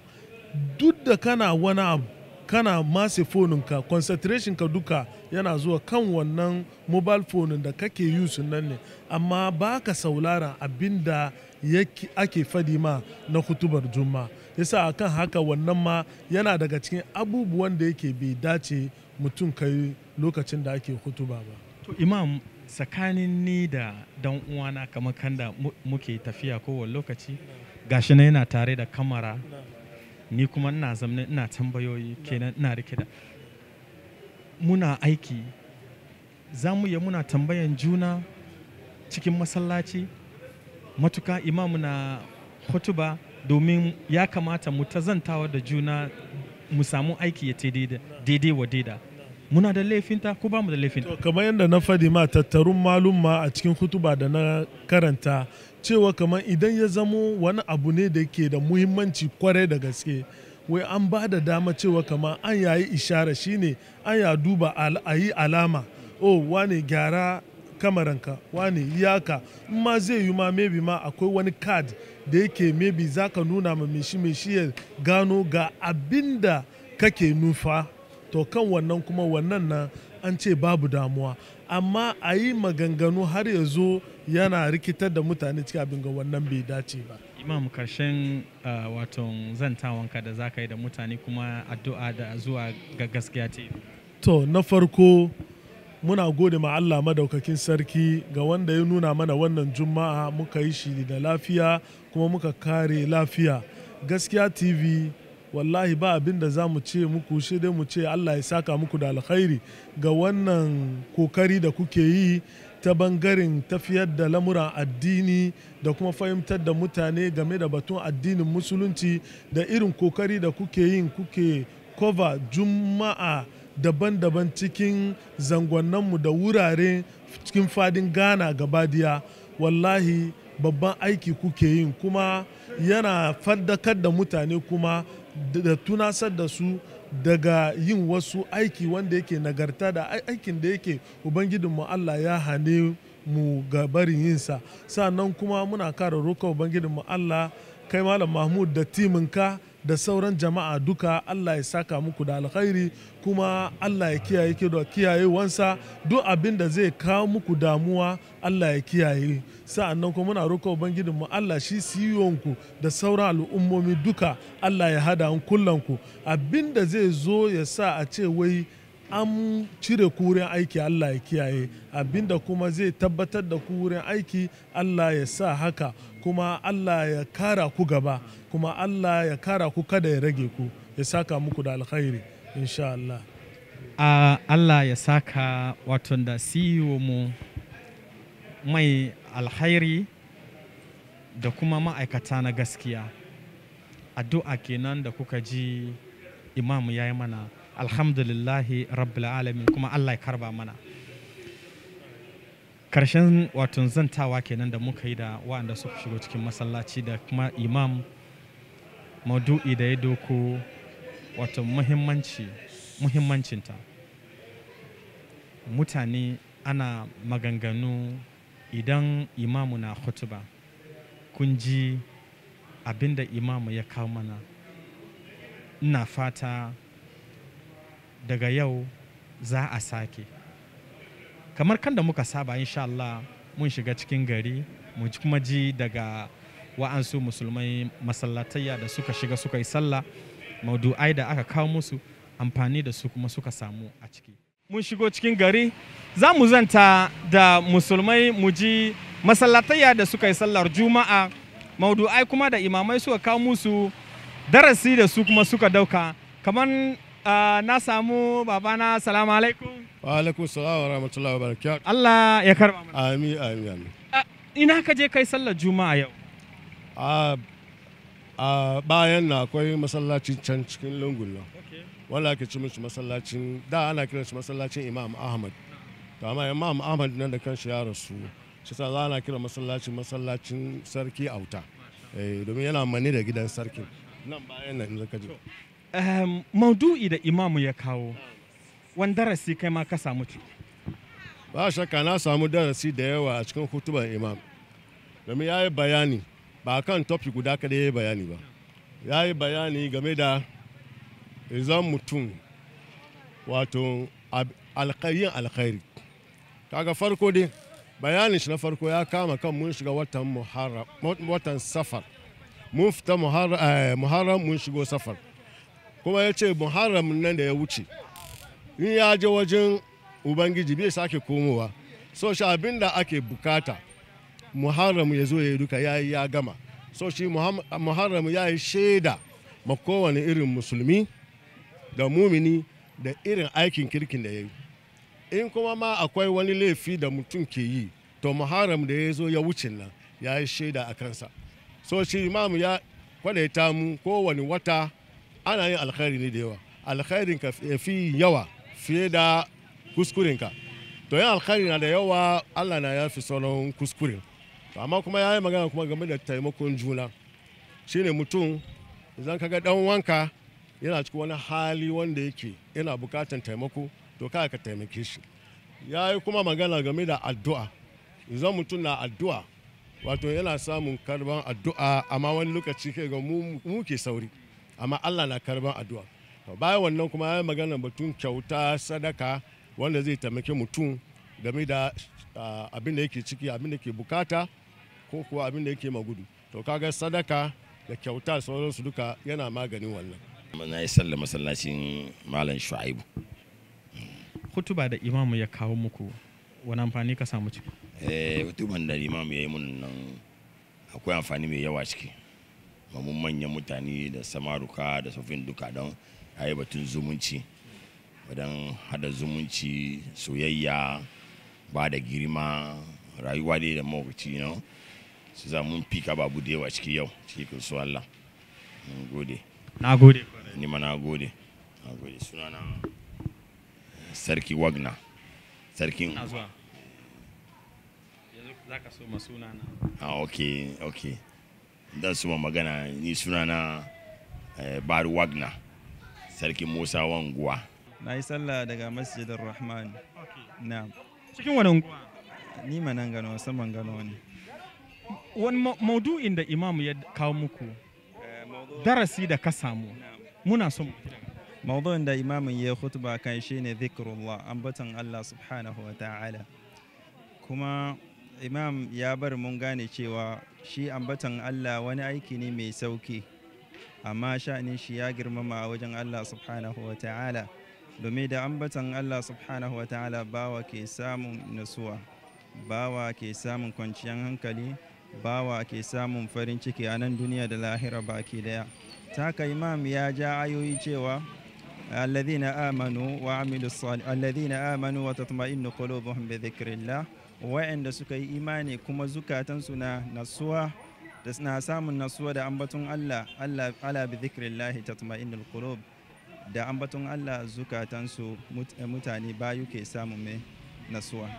duk da kana wani abu kana mase foninka concentration ka duka yana zuwa kan wannan mobile phone da kake yusun nan ne amma baka ka abinda abin ake fadi ma na hutubar juma'a yasa kan haka wannan ma yana daga cikin abubuwan da yake bai dace mutum kai lokacin da ake hutuba ba to imam tsakanin ni da dan uwana kamar kan muke tafiya kowane lokaci gashi na yana tare da kamara ni kuma ina zamanin ina tambayoyi kenan ina rike da muna aiki za mu muna tambayan juna cikin masallaci matuka imamu na hutuba domin ya kamata mu ta zantawa da juna mu samu aiki ya daidai wa daida muna da laifinta ko ba mu da laifinta kamar yadda na fadi ma tattarun malum ma a cikin kutuba da na karanta cewa kamar idan ya zamo wani abu ne da ke da muhimmanci kwarai da gaske wai an ba da dama cewa kamar an yayi ishara shine an ya duba a yi alama oh wane gyara kamaranka wani iyaka in ma zai yi ma maybe ma akwai wani card da yake maybe za ka nuna ma mai shi ya gano ga abinda da kake nufa to kan wannan kuma wannan na an ce babu damuwa amma a yi maganganu har ya zo yana rikitar da mutane cikin abin ga wannan bai dace ba imam karshen uh, ah, waton zantawanka da za ka yi da mutane kuma addu'a da zuwa ga gaskiya ce to na farko muna gode ma Allah madaukakin sarki ga wanda ya nuna mana wannan juma'a muka yi shi da lafiya kuma muka kare lafiya gaskiya tv wallahi ba abin da za mu ce muku shi dai mu ce Allah ya saka muku da alkhairi ga wannan kokari da kuke yi ta bangaren tafiyar da lamuran addini da kuma fahimtar da mutane game da batun addinin musulunci da irin kokari da kuke yin kuke cover juma'a daban-daban cikin zangonninmu da wurare cikin fadin ghana gabadiya wallahi babban aiki kuke yin kuma yana faddakar da mutane kuma da tunasar da su daga yin wasu aiki wanda yake nagarta da aikin da yake mu allah ya hane mu ga barin yinsa sannan kuma muna kara roƙa mu allah kai malam mahmud da timinka da sauran jama'a duka Allah ya saka muku da alkhairi kuma Allah ya kiyaye ki da kiyayewansa duk abin da zai kawo muku damuwa Allah ya kiyaye sa'annan kuma muna roƙa ubangijin mu Allah shi e ku da sauran al'ummomi duka Allah ya hada kullanku abin da zai zo ya sa a ce wai an cire ku aiki Allah ya kiyaye abinda kuma zai tabbatar da ku wurin aiki Allah ya sa haka kuma Allah ya kara ku gaba kuma Allah ya kara ku kada ya rage ku ya saka muku da alkhairi insha Allah Allah ya saka watan da siyo e mu mai alkhairi da kuma ma'aikata na gaskiya addu'a kenan da kuka ji imamu ya yi mana alhamdulillahi rabbil alamin kuma Allah ya karba mana karshen watan zantawa kenan da muka yi da waɗanda suka shigo cikin masallaci da kuma imam maudu'i da ya doko wato muhimmanci muhimmancinta mutane ana maganganu idan imamu na hutuba kun ji abinda imamu ya kawo mana ina fata daga yau za a sake kamar kan da muka saba insha Allah mun shiga cikin gari mu kuma ji daga wa'ansu musulmai masallatayya da suka shiga suka yi sallah maudu'ai da aka kawo musu amfani da su kuma suka samu a ciki mun shigo cikin gari za mu zanta da musulmai mu ji masallatayya da suka yi sallar juma'a maudu'ai kuma da imamai suka kawo musu darasi da su kuma suka dauka kamar Ah, na samu babana salamu alaikum wa alaikum salam wa rahmatullahi wa barakatuh Allah ya karba mu amin amin ah, ina ka je kai sallar juma'a yau a ah, bayan na akwai masallacin can cikin lungun wala wanda ake masallacin da ana kiran shi masallacin imam ahmad to amma imam ahmad nan da kanshi ya rasu shi sa za ana kira masallacin masallacin sarki auta eh, domin yana mani da gidan Sarki nan bayan nan in ka je Ehm, maudu'i da imamu ya kawo wani darasi kai ma ka samu ci ba shakka na samu darasi da yawa a cikin hutubar imam domin ya yi bayani ba kan topi guda kada ya yi bayani ba ya yi bayani game da izan mutum wato alkayin alkhairi kaga farko dai bayanin shi na farko ya kama kan mun shiga watan safar mun fita muharram eh, mun shigo safar kuma ya ce muharram nan da ya wuce in ya je wajen ubangiji bai sake komowa so shi abin da ake bukata muharram ya zo ya duka ya yi ya gama so shi muharram ya yi shaida ma kowane irin musulmi da mumini da irin aikin kirkin da ya yi in kuma ma akwai wani laifi da mutum ke yi to muharram da ya zo ya wuce nan ya yi shaida a kansa so shi imam ya kwadaita mu kowane wata ana yin alkhairi ne da yawa alkhairin ka fi yawa fiye da kuskurin ka to yin alkhairi na da yawa Allah na ya fi sauran to amma kuma ya yi magana kuma game da taimakon juna shine mutum idan kaga dan wanka yana cikin wani hali wanda yake yana bukatan taimako to ka ka taimake shi ya yi kuma magana game da addu'a idan mutum na addu'a wato yana samun karban addu'a amma wani lokaci kai ga mu ke sauri amma Allah na karban addu'a bayan wannan kuma ya magana batun kyauta sadaka wanda zai taimake mutum game da abin da yake ciki abin da yake bukata ko kuwa abin da yake magudu to kaga sadaka da kyauta sauransu duka yana maganin wannan na yi sallah masallacin malam shu'aibu hutuba da imamu ya kawo muku wani amfani ka samu ciki eh hutuban da imamu ya yi mun nan akwai amfani mai yawa ciki mamun manyan mutane da samaruka da sofin duka don a yi batun zumunci wadan hada zumunci soyayya ba da girma rayuwa dai da mawakaci you su za mun fika babu da yawa ciki yau ciki kun su Allah mun gode na gode ni ma na gode na gode sunana sarki wagna sarkin yanzu za ka so ma sunana ah okay okay dan su magana ni sunana eh, bar wagner sarki musa wanguwa na yi sallah daga masjidar rahman na cikin wani unguwa ni manan gano saman gano ne wani maudu'in da imamu ya kawo muku eh, darasi da ka samu muna son maudu'in da imamun ya hutuba kan shine zikrullah ambatan allah subhanahu wa ta'ala kuma imam ya bar mun gane cewa shi ambatan Allah wani aiki ne mai sauki amma sha'anin shi ya girmama a wajen Allah subhanahu wa ta'ala domin da ambatan Allah subhanahu wa ta'ala bawa ke samun nasuwa bawa ke samun kwanciyar hankali bawa ke samun farin ciki a nan duniya da lahira baki daya ta haka imam ya ja ayoyi cewa الذين آمنوا وعملوا الصالحات الذين آمنوا وتطمئن قلوبهم بذكر الله waɗanda suka yi imani kuma zukatansu na nasuwa da na samun nasuwa da ambaton Allah ala bi zikrillahi tatma'innul qulub da ambaton Allah zukatansu eh, mutane bayu ke samun mai nasuwa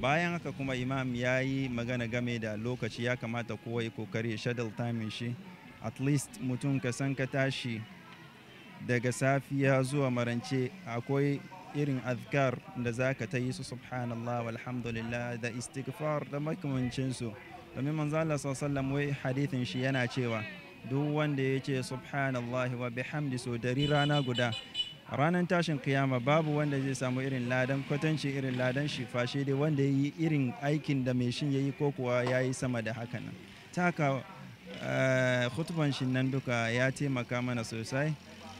bayan haka kuma imam ya yi magana game da lokaci ya kamata kowa ya kokari shadal timing shi at least mutum ka san ka tashi daga safiya zuwa marance akwai irin azkar da za ka ta yi su subhanallah walhamdulillah da istighfar da makamancinsu domin manzo Allah sallallahu wai hadithin shi yana cewa duk wanda ya ce subhanallah wa bihamdi so dari rana guda ranar tashin kiyama babu wanda zai samu irin ladan kwatanci irin ladan shi fashe dai wanda ya yi irin aikin da mai shin ya yi ko kuwa ya yi sama da haka nan ta haka uh, shi nan duka ya taimaka mana sosai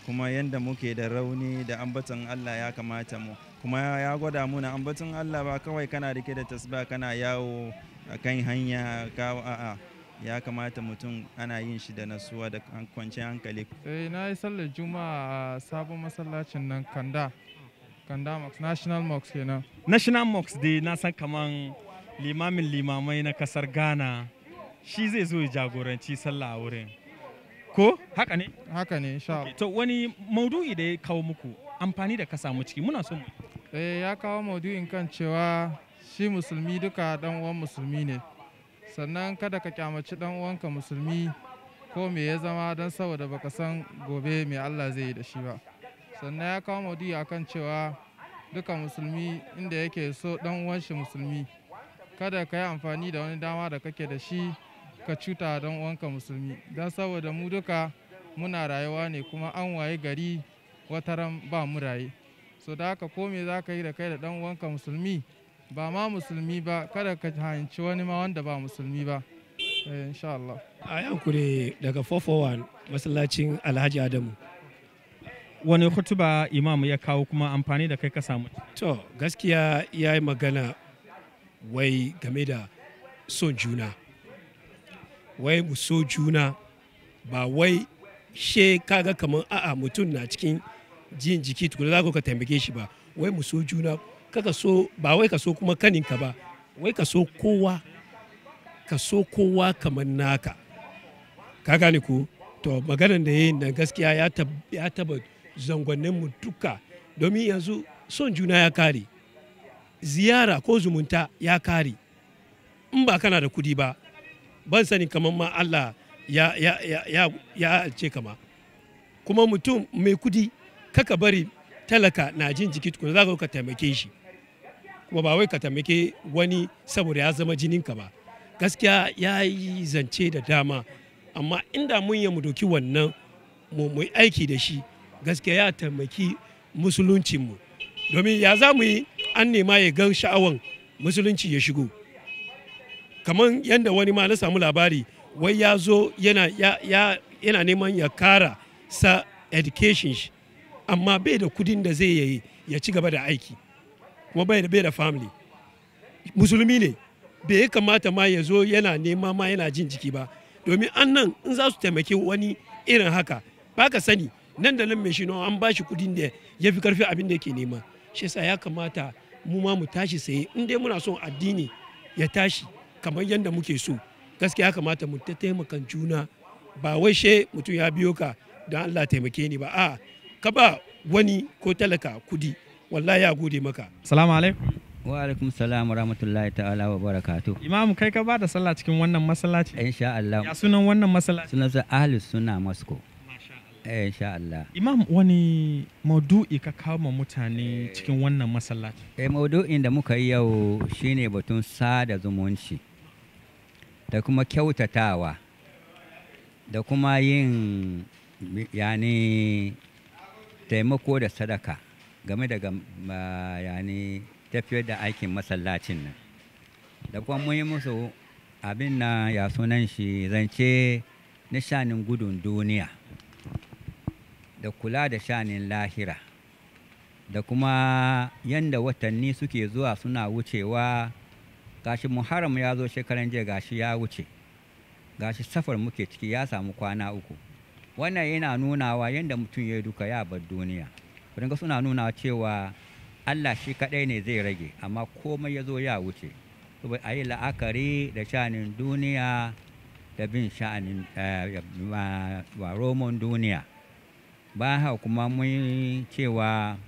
kuma yadda muke da rauni da ambaton Allah ya kamata mu kuma ya gwada muna ambaton Allah ba kawai kana rike da tasba kana yawo a kan hanya ka a'a ya kamata mutum ana yin shi da nasuwa da kwanciyar hankali eh na yi sallar juma'a a sabon masallacin nan kanda kanda mox national mox kenan national mox dai na san kaman limamin limamai na kasar ghana shi zai zo ya jagoranci sallah a wurin ko haka ne haka ne sha to wani maudu'i da ya kawo muku amfani da ka samu ciki muna so mu eh ya kawo maudu'in kan cewa shi musulmi duka dan uwan musulmi ne sannan kada ka kyamaci dan uwanka musulmi ko me ya zama dan saboda baka san gobe me Allah zai yi da shi ba sannan ya kawo maudu'i akan cewa duka musulmi inda yake so dan uwan shi musulmi kada ka yi amfani da wani dama da kake da shi ka cuta don uwanka musulmi don saboda mu duka muna rayuwa ne kuma an waye gari wataran ba mu raye so da haka ko me za ka yi da kai da dan uwanka musulmi ba ma musulmi ba kada ka hanci wani ma wanda ba musulmi ba eh, insha Allah a yankure daga 441 masallacin Alhaji Adamu wani hutuba imam ya kawo kuma amfani da kai ka samu to gaskiya ya yi magana wai game da son juna wai mu so juna ba wai she kaga kamar a'a mutum na cikin jin jiki tukuna za ka taimake shi ba wai mu so juna kaka so ba wai ka so kuma kaninka ba wai ka so kowa ka so kowa kamar naka ka gane ko to maganar da yayin nan gaskiya ya taba zangonnin mu duka domin yanzu son juna ya kare ziyara ko zumunta ya kare in ba kana da kudi ba ban sani kamar ma Allah ya alce kama kuma mutum mai kudi kaka bari talaka na jin jiki tukuna za ka taimake shi kuma ba wai ka taimake wani saboda ya zama jinin ka ba gaskiya ya yi zance da dama amma inda mun yi mu doki wannan mu aiki da shi gaskiya ya taimaki musuluncinmu domin ya za mu yi an nema ya gan sha'awan musulunci ya shigo kamar yadda wani ma na samu labari wai ya zo yana, neman ya kara sa education shi amma bai da kudin da zai yi ya ci gaba da aiki kuma bai da family musulmi ne bai kamata ma ya zo yana nema ma yana jin jiki ba domin an nan in za su taimaki wani irin haka ba ka sani nan da nan mai shi an ba shi kudin da ya fi karfi abin da yake nema shi yasa ya kamata mu ma mu tashi saye in dai muna son addini ya tashi kamar yadda muke so gaskiya kamata mu ta taimakan juna ba wai she mutum ya biyo ka don Allah taimake ni ba a ka ba wani ko talaka kudi wallahi ya gode maka salamu alaikum wa alaikum salam wa rahmatullahi ta'ala wa barakatu imam kai ka ba da sallah cikin wannan masallaci insha Allah ya sunan wannan masallaci sunan sa ahli sunna moscow eh, insha Allah. Imam wani maudu'i ka kama mutane cikin wannan masallaci? Eh maudu'in da muka yi yau shine batun sada zumunci. da kuma kyautatawa da kuma yin yani taimako da sadaka game da yani tafiyar da aikin masallacin nan da kuma mun musu abin na ya sunan shi zance na shanin gudun duniya da kula da shanin lahira da kuma yadda watanni suke zuwa suna wucewa gashi muharram ya zo shekaran jiya gashi ya wuce gashi safar muke ciki ya samu kwana uku wannan yana nunawa yadda mutum ya duka ya bar duniya ga suna nuna cewa allah shi kaɗai ne zai rage amma komai ya zo ya wuce a yi la'akari da sha'anin duniya da bin sha'anin eh, roman duniya ba kuma mun cewa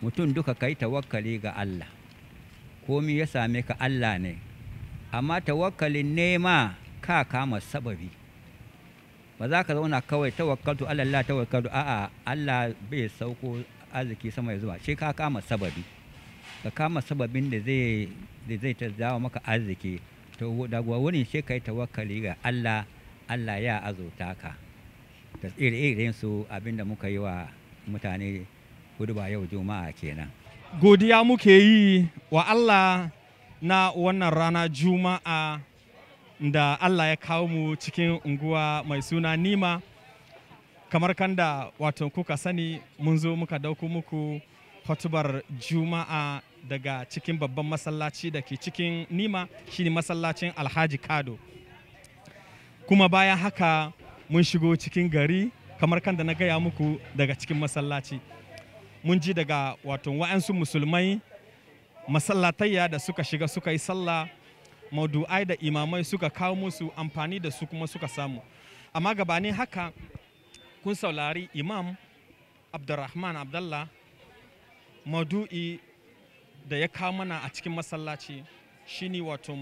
mutum duka kai tawakkali ga allah komi ya same ka Allah ne amma tawakkalin nema ka kama sababi ba za ka zauna kawai tawakkaltu Allah tawakkaltu a'a Allah bai sauko arziki sama ya zuwa shi ka kama sababi ka kama sababin da zai ta maka arziki to daga wurin ka kai tawakkali ga Allah Allah ya azotaka ka da ire su abinda muka yi wa mutane gudu ba yau juma'a kenan godiya muke yi wa Allah na wannan rana juma'a da Allah ya kawo mu cikin unguwa mai suna nima kamar kan da wato kuka sani mun zo muka dauko muku hotubar juma'a daga cikin babban masallaci da ke cikin nima shine masallacin alhaji kado kuma bayan haka mun shigo cikin gari kamar kan da na gaya muku daga cikin masallaci mun ji daga wato wa'ansu musulmai masallatayya da suka shiga suka yi sallah maudu'ai da imamai suka kawo musu amfani da su kuma suka samu amma gabanin haka kun saurari imam abdurrahman abdallah maudu'i da ya kawo mana a cikin masallaci shine wato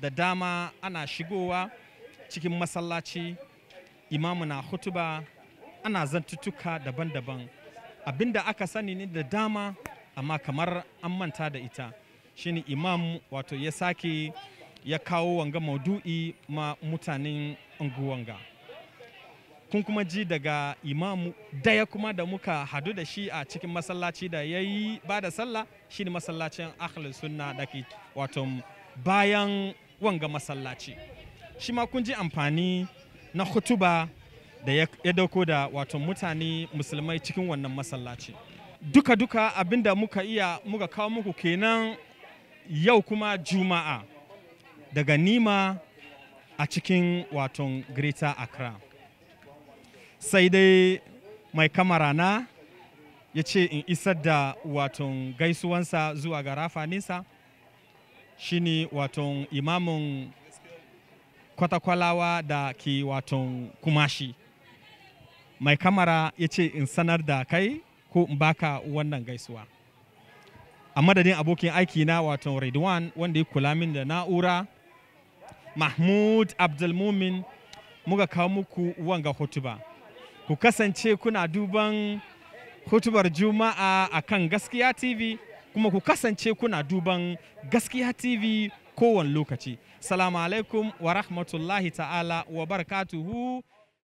da dama ana shigowa cikin masallaci imamu na hutuba ana zantuttuka daban-daban Abin da aka sani ne da dama amma kamar an manta da ita shine imam wato ya sake ya kawo wanga maudu'i ma mutanen unguwanga kun kuma ji daga imamu daya kuma da muka hadu da shi a cikin masallaci da ya yi ba da sallah shi ne masallacin ahlul sunna da ke wato bayan wanga masallaci shi ma kun ji amfani na hutuba da ya dauko da wato mutane musulmai cikin wannan masallaci duka-duka abinda muka iya muka kawo muku kenan yau kuma juma'a daga nima a cikin waton greater accra sai dai mai kamara na ya ce in isar da waton gaisuwansa zuwa ga rafa shine waton imamin kwatakwalawa da ke waton kumashi mai kamara ya ce in sanar da kai ko in baka wannan gaisuwa a madadin abokin aiki na wato Redwan wanda ya kula min da na'ura mahmud abdulmumin muka kawo muku wanga hotuba ku kasance kuna duban hotubar juma'a a kan gaskiya tv kuma ku kasance kuna duban gaskiya tv kowane lokaci salamu alaikum wa rahmatullahi ta'ala wa barakatuhu